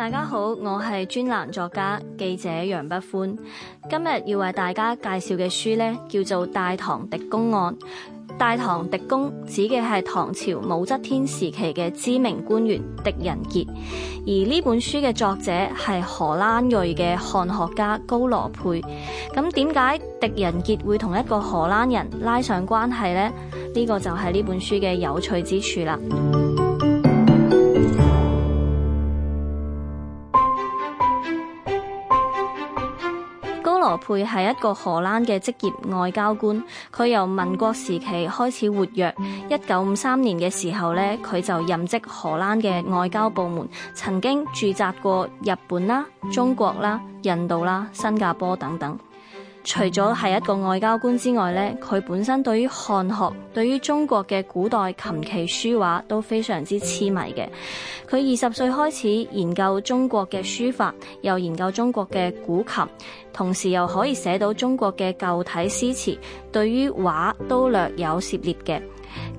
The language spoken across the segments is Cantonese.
大家好，我係專欄作家、記者楊不歡。今日要為大家介紹嘅書呢，叫做《大唐狄公案》。大唐狄公指嘅係唐朝武則天時期嘅知名官員狄仁傑。而呢本書嘅作者係荷蘭裔嘅漢學家高羅佩。咁點解狄仁傑會同一個荷蘭人拉上關係呢？呢、呢個就係呢本書嘅有趣之處啦。佩係一個荷蘭嘅職業外交官，佢由民國時期開始活躍。一九五三年嘅時候咧，佢就任職荷蘭嘅外交部門，曾經駐紮過日本啦、中國啦、印度啦、新加坡等等。除咗係一個外交官之外咧，佢本身對於漢學、對於中國嘅古代琴棋書畫都非常之痴迷嘅。佢二十歲開始研究中國嘅書法，又研究中國嘅古琴，同時又可以寫到中國嘅舊體詩詞，對於畫都略有涉獵嘅。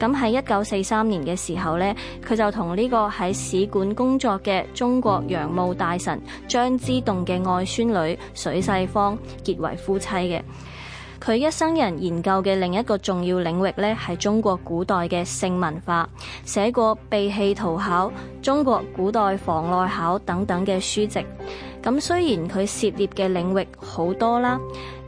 咁喺一九四三年嘅時候呢，佢就同呢個喺使館工作嘅中國洋務大臣張之洞嘅外孫女水世芳結為夫妻嘅。佢一生人研究嘅另一個重要領域呢，係中國古代嘅性文化，寫過《備器圖考》《中國古代房內考》等等嘅書籍。咁雖然佢涉獵嘅領域好多啦。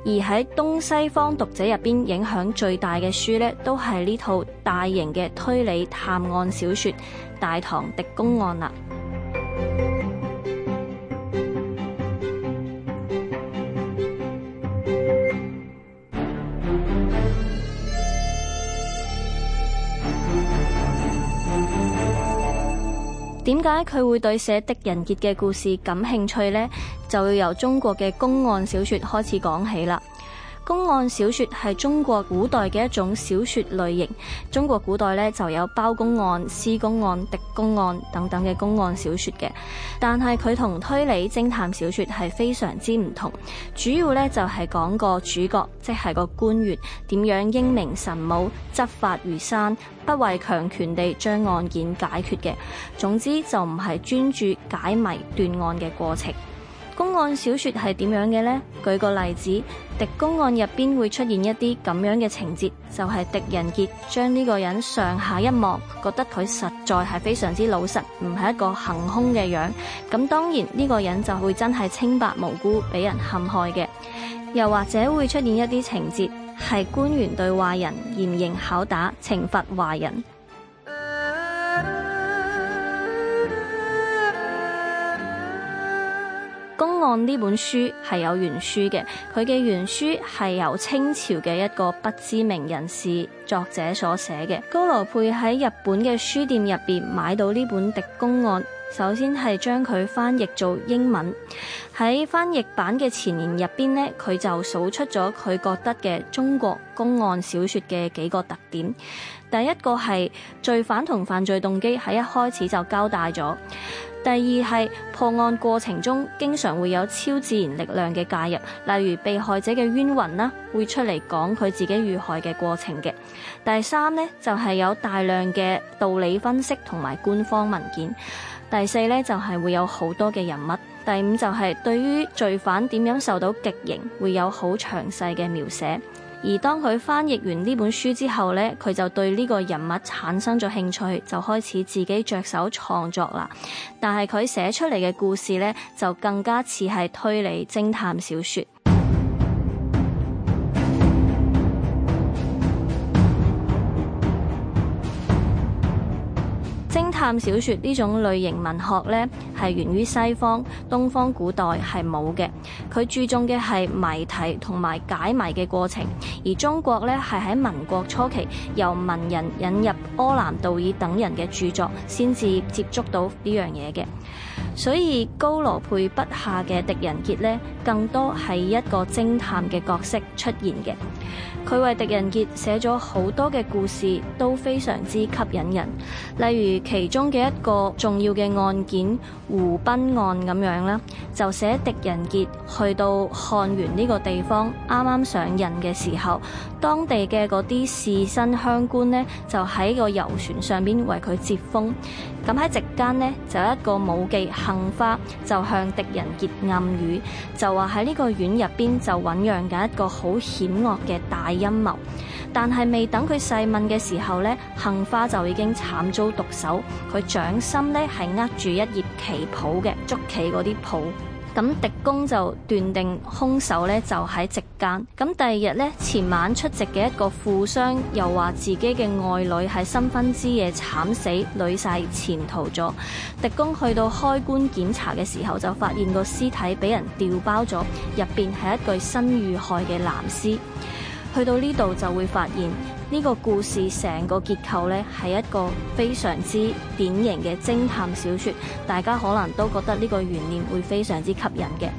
而喺東西方讀者入邊影響最大嘅書呢，都係呢套大型嘅推理探案小說《大唐狄公案》啦。點解佢會對寫狄仁傑嘅故事感興趣呢？就要由中國嘅公案小說開始講起啦。公案小說係中國古代嘅一種小說類型，中國古代呢，就有包公案、施公案、狄公案等等嘅公案小說嘅，但係佢同推理偵探小說係非常之唔同，主要呢，就係講個主角即係個官員點樣英明神武、執法如山、不畏強權地將案件解決嘅，總之就唔係專注解謎斷案嘅過程。公案小說係點樣嘅呢？舉個例子，狄公案入邊會出現一啲咁樣嘅情節，就係狄仁傑將呢個人上下一望，覺得佢實在係非常之老實，唔係一個行凶嘅樣。咁當然呢個人就會真係清白無辜，俾人陷害嘅。又或者會出現一啲情節，係官員對壞人嚴刑拷打，懲罰壞人。《公案》呢本書係有原書嘅，佢嘅原書係由清朝嘅一個不知名人士作者所寫嘅。高羅佩喺日本嘅書店入邊買到呢本《狄公案》。首先係將佢翻譯做英文。喺翻譯版嘅前言入邊呢，佢就數出咗佢覺得嘅中國公案小説嘅幾個特點。第一個係罪犯同犯罪動機喺一開始就交代咗；第二係破案過程中經常會有超自然力量嘅介入，例如被害者嘅冤魂啦，會出嚟講佢自己遇害嘅過程嘅。第三呢，就係有大量嘅道理分析同埋官方文件。第四呢，就係會有好多嘅人物，第五就係對於罪犯點樣受到極刑會有好詳細嘅描寫。而當佢翻譯完呢本書之後呢，佢就對呢個人物產生咗興趣，就開始自己着手創作啦。但係佢寫出嚟嘅故事呢，就更加似係推理偵探小說。偵探小說呢種類型文學呢，係源於西方，東方古代係冇嘅。佢注重嘅係謎題同埋解謎嘅過程，而中國呢，係喺民國初期由文人引入柯南道爾等人嘅著作，先至接觸到呢樣嘢嘅。所以高羅佩筆下嘅狄仁傑咧，更多係一個偵探嘅角色出現嘅。佢為狄仁傑寫咗好多嘅故事，都非常之吸引人。例如其中嘅一個重要嘅案件——湖濱案咁樣啦，就寫狄仁傑去到漢源呢個地方啱啱上任嘅時候，當地嘅嗰啲士紳鄉官咧，就喺個遊船上邊為佢接風。咁喺席間咧，就一個武技。杏花就向狄仁傑暗語，就話喺呢個院入邊就醞釀緊一個好險惡嘅大陰謀。但係未等佢細問嘅時候呢，杏花就已經慘遭毒手。佢掌心呢係握住一頁棋譜嘅，捉棋嗰啲譜。咁狄公就斷定兇手咧就喺席間。咁第二日呢，前晚出席嘅一個富商又話自己嘅愛女喺新婚之夜慘死，女婿潛逃咗。狄公去到開棺檢查嘅時候，就發現個屍體俾人掉包咗，入邊係一具新遇害嘅男屍。去到呢度就會發現。呢個故事成個結構呢，係一個非常之典型嘅偵探小説，大家可能都覺得呢個懸念會非常之吸引嘅。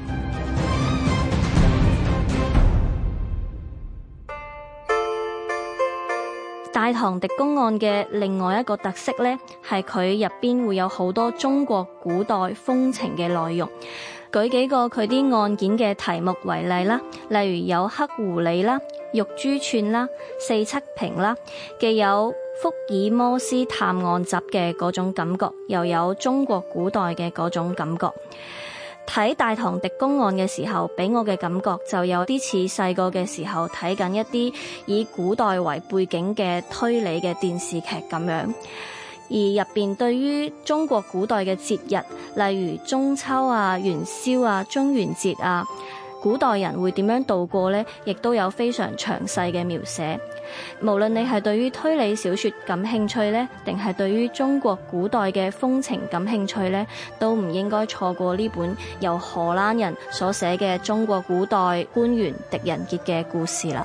《大唐狄公案》嘅另外一個特色咧，係佢入邊會有好多中國古代風情嘅內容。舉幾個佢啲案件嘅題目為例啦，例如有黑狐狸啦、玉珠串啦、四漆屏啦，既有福爾摩斯探案集嘅嗰種感覺，又有中國古代嘅嗰種感覺。睇《大唐狄公案》嘅時候，俾我嘅感覺就有啲似細個嘅時候睇緊一啲以古代為背景嘅推理嘅電視劇咁樣，而入邊對於中國古代嘅節日，例如中秋啊、元宵啊、中元節啊，古代人會點樣度過呢？亦都有非常詳細嘅描寫。無論你係對於推理小說感興趣呢，定係對於中國古代嘅風情感興趣呢，都唔應該錯過呢本由荷蘭人所寫嘅中國古代官員狄仁傑嘅故事啦。